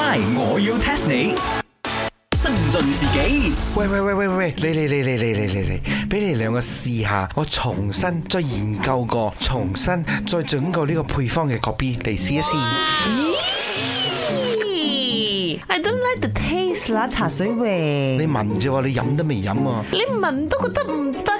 我要 test 你，增進自己。喂喂喂喂喂，你你你你你你你，俾你兩個試下，我重新再研究過，重新再整過呢個配方嘅角 B 嚟試一試。咦？I don't like the taste 嗱，茶水味。你聞住嘛，你飲都未飲啊！你聞都覺得唔得。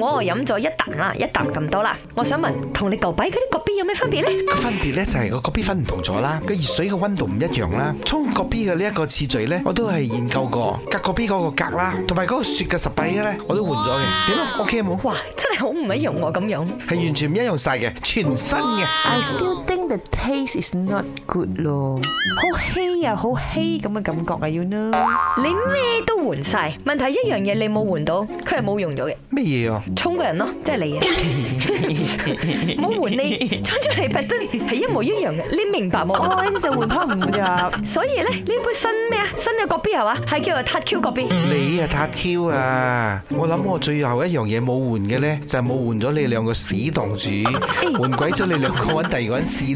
我又飲咗一啖啦，一啖咁多啦。我想問，同你舊擺嗰啲個邊有咩分別咧？個分別咧就係個個邊分唔同咗啦，個熱水嘅溫度唔一樣啦。沖個邊嘅呢一個次序咧，我都係研究過。隔個邊嗰個格啦，同埋嗰個雪嘅十倍嘅咧，我都換咗嘅。點啊哇？OK 冇。哇！真係好唔一樣喎，咁樣係完全唔一樣晒嘅，全新嘅。I still The taste is not good 咯，好稀啊，好稀咁嘅感覺啊、mm.，you know？你咩都換晒，問題一樣嘢，你冇換到，佢係冇用咗嘅。咩嘢啊？沖個人咯，即係你啊！冇換 你，沖出嚟畢得係一模一樣嘅，你明白冇？呢隻換湯唔換藥，所以咧呢杯新咩啊？新嘅嗰邊係嘛？係叫做塔 Q 嗰邊。你啊塔 Q 啊！我諗我最後一樣嘢冇換嘅咧，就係冇換咗你兩個屎檔主，換 Hey. 鬼咗你兩個搵第二個人試。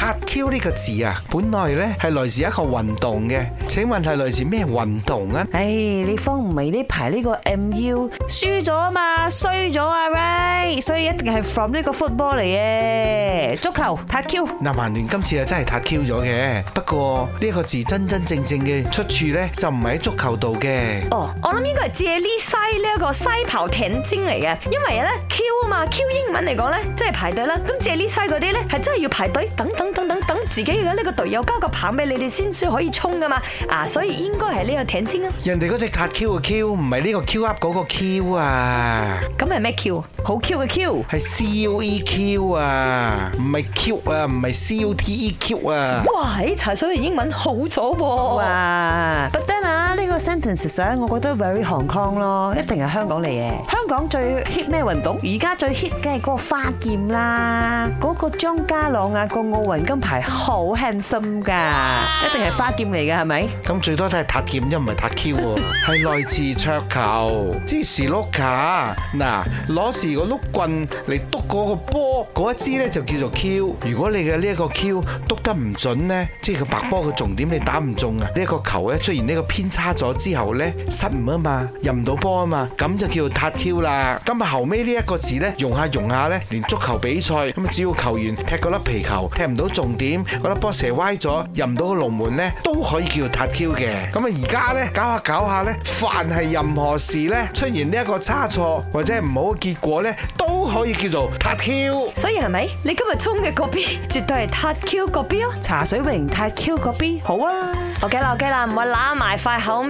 撻 Q 呢個字啊，本來咧，係來自一個運動嘅，請問係來自咩運動啊？唉，你方唔係呢排呢個 MU 輸咗啊嘛，衰咗啊，Ray，所以一定係 from 呢個 football 嚟嘅足球撻 Q。曼聯今次啊真係撻 Q 咗嘅，不過呢一個字真真正正嘅出處咧就唔係喺足球度嘅。哦，我諗應該係 Jelisa 呢一個西跑艇精嚟嘅，因為咧 Q 啊嘛，Q 英文嚟講咧即係排隊啦，咁 Jelisa 嗰啲咧係真係要排隊等等。等等等自己嘅呢個隊友交個棒俾你哋先至可以衝㗎嘛啊，所以應該係呢個艇精啊。人哋嗰隻卡 Q 嘅 Q 唔係呢個 Q up 嗰個 Q 啊。咁係咩 Q？好 Q 嘅 Q 係 C U E Q 啊，唔係 Q 啊，唔係 C U T E Q 啊。哇，啲茶水嘅英文好咗噃，啊。哇，不得。呢個 sentence 實我覺得 very Hong Kong 咯，一定係香港嚟嘅。香港最 hit 咩運動？而家最 hit 梗係嗰個花劍啦，嗰個張家朗啊個奧運金牌好 handsome 㗎，一定係花劍嚟嘅，係咪？咁最多都係塔劍，而唔係塔 Q 喎。係來自桌球，支持 Locker 嗱，攞住個碌棍嚟篤嗰個波，嗰一支咧就叫做 Q。如果你嘅呢一個 Q 篤得唔準咧，即係個白波嘅重點你打唔中啊，呢一個球咧出現呢個偏差咗之後呢，失誤啊嘛，入唔到波啊嘛，咁就叫做撻 Q 啦。咁啊後尾呢一個字呢，用下用下呢，連足球比賽咁啊，只要球員踢嗰粒皮球踢唔到重點，嗰粒波射歪咗，入唔到個龍門呢，都可以叫做撻 Q 嘅。咁啊而家呢，搞下搞下呢，凡係任何事呢，出現呢一個差錯或者唔好嘅結果呢，都可以叫做撻 Q。所以係咪你今日沖嘅嗰邊絕對係撻 Q 嗰邊哦？邊茶水榮撻 Q 嗰邊好啊！OK 啦，OK 啦，唔好揦埋塊口。